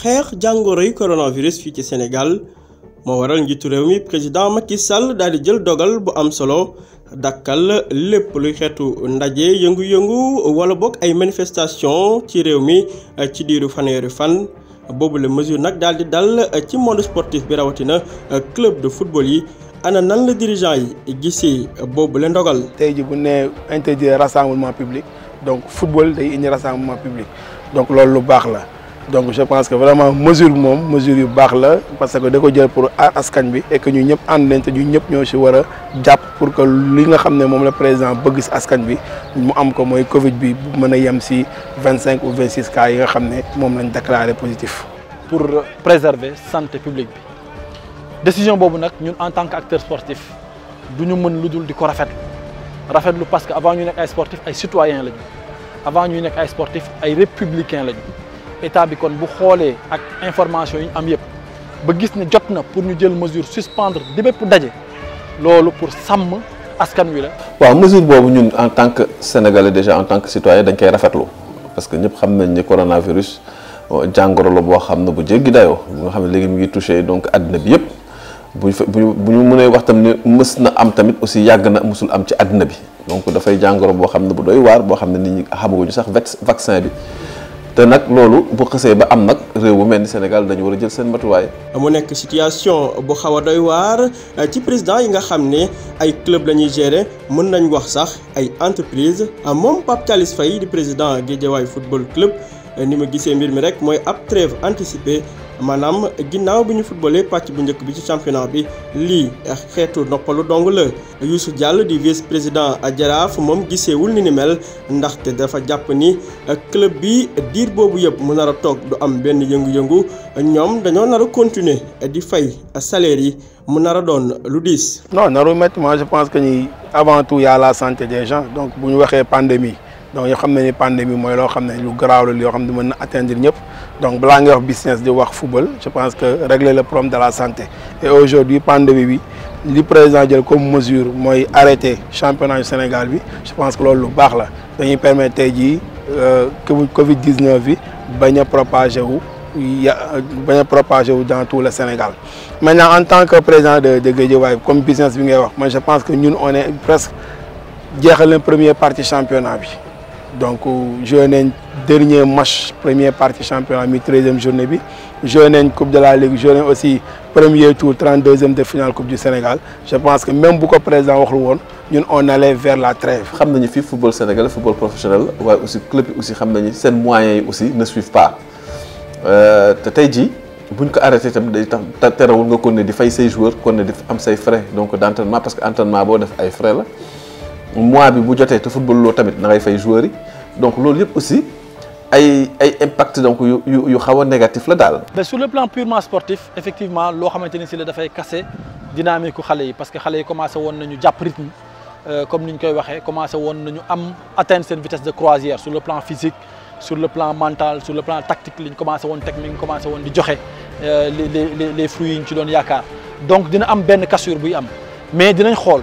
xeex jàngoro yi coronavirus fii ci Sénégal moo waral njiitu réew président Macky Sall daal di jël dogal bu am solo dakkal lépp luy xeetu ndaje yëngu-yëngu wala bokk ay manifestation ci réew mi eh, ci diiru fanweeri fan boobu la mesure nag daal di dal eh, ci monde sportif bi rawatina eh, club de football yi ana nan la dirigeant yi gisee boobu la ndogal. bu interdit rassemblement public donc football day indi rassemblement public donc loolu lu baax la donc je pense que vraiment mesure mom mesure yu baax la parce que je jël pour askan bi et que ñu ñëpp ànd nañ te ñu ñëpp ñoo si war pour que li nga xamné ne moom la président bëgg ci askan bi mu am ko moy Covid bi bu a yam ci 25 ou 26 cas yi nga xamné mom lañ déclarer positif. pour préserver santé publique bi décision bobu nak ñun en tant qu'acteurs sportifs sportif du ñu mën lu dul di ko rafetlu parce que avant ñu nek ay sportif ay citoyens lañ avant ñu nek ay sportif ay républicains lañu état bi kon bu xolé ak information yi am yëpp ba gis ne jotna pour ñu jël mesure suspendre di bépp dajé lolu pour sam askan wi la. wa mesure bobu ñun en tant que sénégalais déjà en tant que citoyen dañ koy rafetlu parce que ñëpp xam nañ ni coronavirus euh, jangoro lo bo xam ne bu jéggi dayo bu nga xam ne léegi ngi touché donc aduna bi yëpp bu ñu mëne wax tam ne mës na am tamit aussi yàgg na mësul am ci aduna bi donc dafay jàngoro boo xam ne bu doy war bo xam ne nit ñi xamaguñu sax vaccin bi té nak lolu bu xasse ba am nak réew bu melni Sénégal dañu wara jël sen matuway mu situation bu xawa a doy war eh, ci président yi nga xamné ay club la ñuy gérer mën nañ wax sax ay entreprise ah, mom pap Thialis fay di président guédiaway football club eh, ni ma gisee mbir mi rek moy ab trêve anticipée. Manam, ginnaaw bi ñu footballé pàcc bu njëkk bi ci championnat bi lii xeetu noppalu dong di vice président Jaraaf moom giseewul ni ni mel ndaxte dafa ni club bi diir boobu yëpp mu nar a toog du am benn yëngu-yëngu dañoo a continuer di fay salaire yi mu nar a doon non moi je pense que avant tout y a la santé des gens donc bu ñu pandémie donc il y a une pandémie est loo grave ne lu garaaw atteindre donc si nga wax business de football je pense que régler le problème de la santé et aujourd'hui la pandémie le li président jël comme mesure pour arrêter championnat du Sénégal je pense que le lu baax la dañuy permettre tey que euh, Covid 19 bi bañ a dans tout le Sénégal maintenant en tant que président de de comme business bi je pense que nous on est presque le premier première partie championnat donc j'ai un dernier match première partie championnat mi e journée bi joué nañ coupe de la ligue je aussi premier tour 32ème de finale coupe du Sénégal je pense que même beaucoup ko président waxlu nous on allait vers la trêve. xam que le football sénégalais football professionnel ouais aussi club aussi xam nañu c'est moyens aussi ne suivent pas euh, te tey jii buñ ko arrêté itam day arrêté nga joueurs kon ne di am frais donc parce que l'entraînement est def ay frais mois bi bu joté te football lo tamit da ngay fay joueurs donc loolu yëpp aussi ay ay impact donc yu yu yu négatif la dal mais sur le plan purement sportif effectivement lo xamanteni ni si la dafay casser dynamique ku xale yi parce que xalé yi commencé won nañu jàpp rythme euh, comme niñ koy waxé commencé won nañu am atteindre cette vitesse de croisière sur le plan physique sur le plan mental sur le plan tactique liñ commencé won tek miñ commencé won di euh, les les les fruits yi ñu ci doon yakar donc dina am ben cassure bu am mais dinañ xol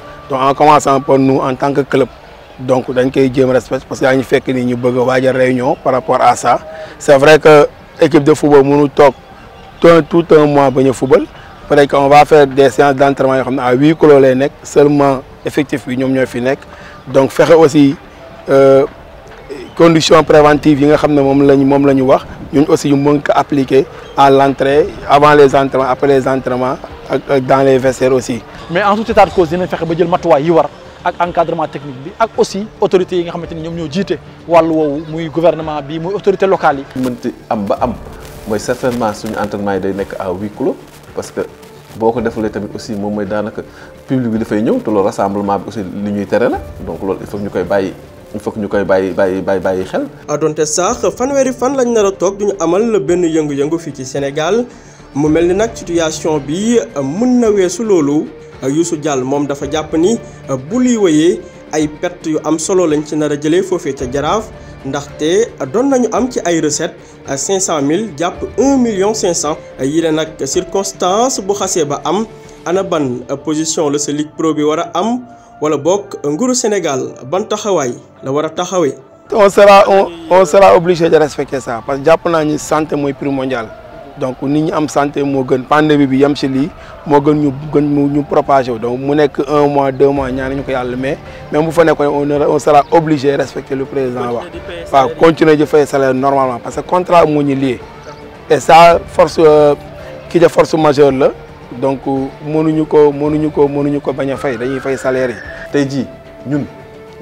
donc en commençant pour nous en tant que club donc dañ koy un respect parce que y a réunion par rapport à ça C'est vrai que l'équipe de football nous top tout un mois pour le football on va faire des séances d'entraînement à 8 couleurs, seulement effectif bi donc faire aussi euh, conditions préventives nous nga aussi appliquer à l'entrée, avant les entraînements après les entraînements dans les vestiaires aussi. mais en tout état de cause dinañ fexe ba jël matuwaay yi war ak encadrement technique bi ak aussi autorité yi nga xamanteni ñom ñoo jité walu woowu muy gouvernement bi muy autorité locale yi. mënti am ba am moy certainement suñu entraînement day nek à huit clos parce que boko ko tamit aussi mom moy danaka public bi dafay ñëw te loolu rassemblement bi aussi li ñuy tere la donc loolu il faut ñu bayyi il faut que bayyi bayyi bayyi bàyyi bàyyi xel. donte sax fanweeri fan lañ nar a toog duñu amal benn yëngu-yëngu fi ci Sénégal mu mel ni nag situation bi euh, mën na weesu loolu euh, Youssou Diall moom dafa jàpp ni euh, bu luy wéyee ay perte yu am solo lañ ci nar a jëlee foofee ca jaraaf ndaxte doon nañu am ci ay recette 500000 jàpp 1 million 500 yi la nag circonstance bu xasee ba am ana ban position la sa ligue pro bi war a am wala bokk nguru Sénégal ban taxawaay la war a taxawee. on sera on on sera obligé de respecter ça parce que jàpp naa ni santé mooy prix mondial donc nous ñi am santé mo gën pandémie bi yam sommes li mo gën ñu ñu donc mu mois deux mois ñaan ko mais on sera obligé respecter le président Va à continuer de faire salaire normalement parce que contrat est lié et ça force qui euh, force majeure donc ñu ko ñu ko ñu ko baña fay dañuy fay salaire ñun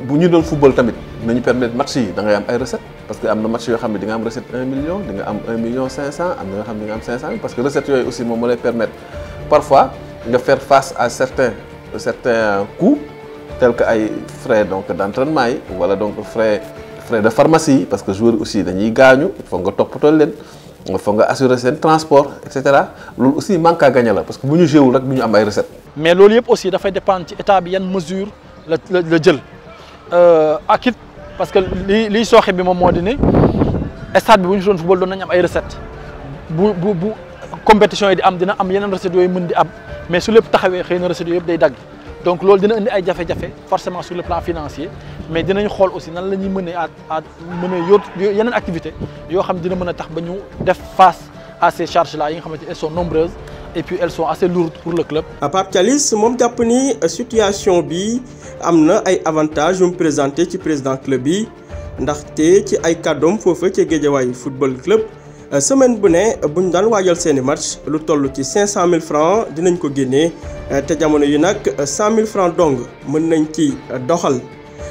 bu football tamit nañu permettre match da parce que am na match yo xamni ne di nga am recette 1 million di nga am 1 million 500 am na yoo xam nga am 500 parce que recette yooyu aussi mom lay permettre parfois nga faire face à certains certains coûts tels que ay frais donc d'entraînement wala donc frais frais de pharmacie parce que joueur aussi dañuy gañu fo nga toppatoo len fo nga assurer sen transport etc cetera loolu aussi manque à gagner la parce que buñu jéwul rek buñu am ay recette mais lool yépp aussi da fay dépendre ci état bi yane mesure le le jël euh akit parce que li liy sooxe bi moom moo di ni stade bi buñu ñu doon football doon nañ am ay recettes bu bu compétition yi di am dina am yenen recettes yoy mën di am mais su lépp taxawee xëy na recettes yooyu day dag donc loolu dina indi ay jafé jafé forcément sur le plan financier mais dinañ xol aussi nan lañuy ñuy à à mënee yenen yeneen activité yoo xam dina mëna tax bañu def face à ces charges là yi nga xamante ne elles sont nombreuses et puis elles sont assez lourdes pour le club. Ah, Pape suis moom jàpp la euh, situation bi amna ay avantages me présenter présenté ci président club ndax té ci ay kàddoom fofu ci Guédiawaye football club euh, semaine bu ne euh, bu ñu daan waajal match lu tollu ci 500 000 francs dinañ ko génnee té jamono yi nak 100 000 francs dong meun nañ ci doxal.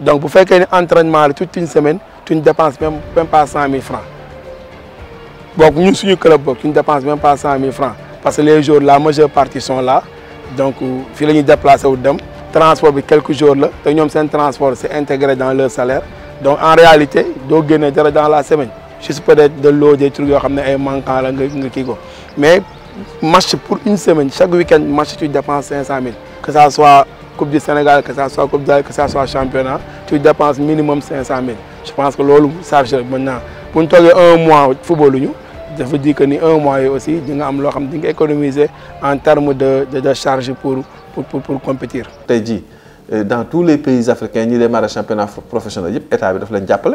donc pour faire un entraînement toute une semaine tu ne dépenses même pas 100 000 francs boog sur suñu club tu ne dépenses même pas 100 000 francs parce que les jours la majeure partie sont là donc il euh, faut déplacer déplacé wu dem transport quelques jours là. transport c'est intégré dans leur salaire donc en réalité doo génne dara dans la semaine juste peut-être de l'eau des trucs comme sont manquants. ay mais match pour une semaine chaque week-end tu dépenses 500 000. que ça soit Coupe du Sénégal, que ça soit Coupe d'Alpes, que ça soit championnat, tu dépenses minimum 500 000. Je pense que c'est ça. maintenant. Pour nous, un mois de football, je veux dire que un mois aussi, nous avons économisé en termes de, de, charges pour, pour, pour, pour compétir. dit, euh, dans tous les pays africains, nous démarré le championnat professionnel, l'État a fait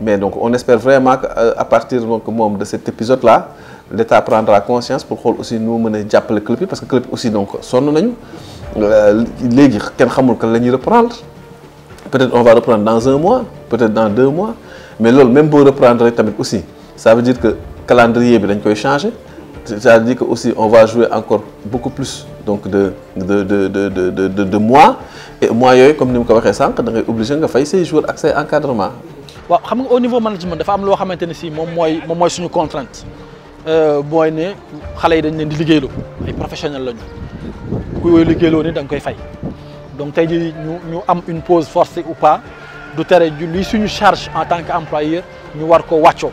mais donc on espère vraiment qu'à euh, partir donc, de cet épisode-là, l'État prendra conscience pour aussi nous mener le club parce que le club aussi donc, sonne. Euh, léegi kenn xamul que la reprendre peut-être on va reprendre dans un mois peut-être dans deux mois mais loolu même pour reprendre tamit aussi ça veut dire que calendrier bi dañ koy changer Ça veut dire que aussi on va jouer encore beaucoup plus donc de de de de de de, de mois et mois comme nous mu ko on sànq da obligé nga fay ces jours accès à encadrement. au niveau management dafa am loo xamante si moom contrainte Euh, ne xale yi dañ leen di professionnels ku koy liggéeyloo ni da nga koy fay donc tey jii ñu ñu am une pause forcée ou pas du tere luy suñu charge en tant que employeur ñu war ko wàccoo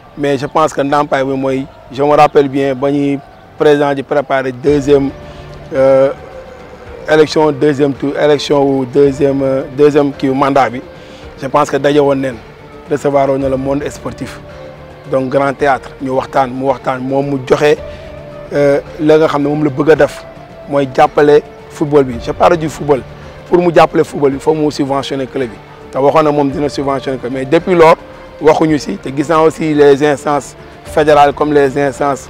mais je pense que ndàmpaay bi mooy je me rappelle bien ba ñuy président di préparer deuxième euh, élection deuxième tour élection ou deuxième euh, deuxième qui, mandat bi je pense que d'ailleurs on neen recevoir na le monde sportif donc grand théâtre ñu waxtaan mu waxtaan moom mu joxe euh, la nga xam ne la bëgg def football bi je parle du football pour mu le football il faut mu subventionner club bi te waxoon na moom dina subventionner club mais depuis lors waxuñu si te gis aussi les instances fédérales comme les instances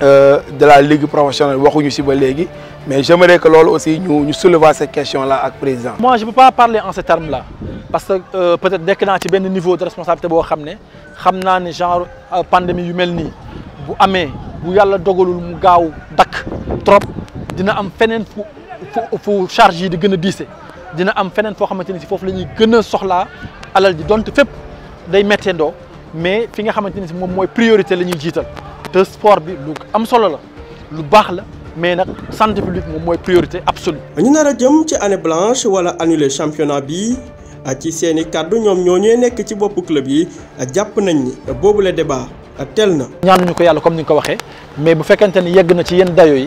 euh, de la ligue professionnelle waxuñu si ba léegi mais j'aimerais que loolu aussi ñu ñu soulever cette question là ak président. moi je peux pas parler en ces termes là parce que euh, peut-être dès que naa ci benn niveau de responsabilité boo xam ne xam naa genre euh, pandémie yu mel nii bu amee bu yàlla dogalul mu gaaw dakk trop dina am feneen fu fu de charge yi di dina am feneen foo xamante ni si foofu la ñuy gën a soxlaa alal ji day metendo mais fi nga xamanteni ni si moom priorité la ñuy jiital te sport bi lu am solo la lu bax la mais nak santé publique mom moy priorité absolue. ñu nara jëm ci année blanche wala annuler championnat bi ci seeni kàddu ñom ñoo nekk ci boppu club yi japp nañ ni bobu le débat tel na. ñaanuñu ko yalla comme ni nga ko waxee mais bu fekkante ni yegg na ci yeen dayo yi.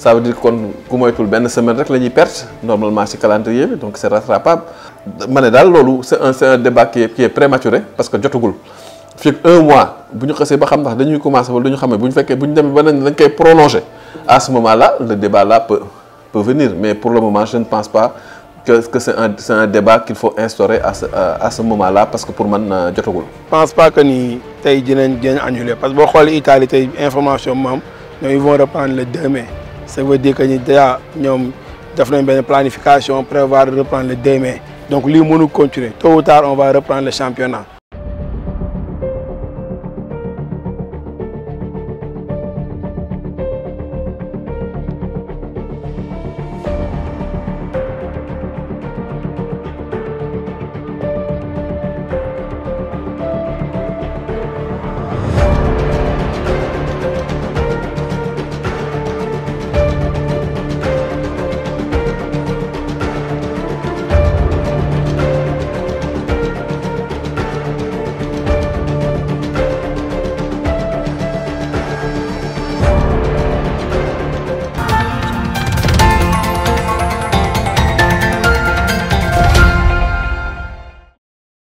ça veut dire qu'on tout semaine rek normalement calendrier donc c'est rattrapable Mais c'est un débat qui est prématuré parce que un mois Si on ba xam dañuy à ce moment là le débat là peut venir mais pour le moment je ne pense pas que que un débat qu'il faut instaurer à ce moment là parce que pour man euh, je pense pas que ni tay annuler parce que bo xol Italie information ils vont reprendre le demain ça veut dire que déjà avons une fait une planification prévoir de reprendre le 2 mai donc nous nous continuer tôt ou tard on va reprendre le championnat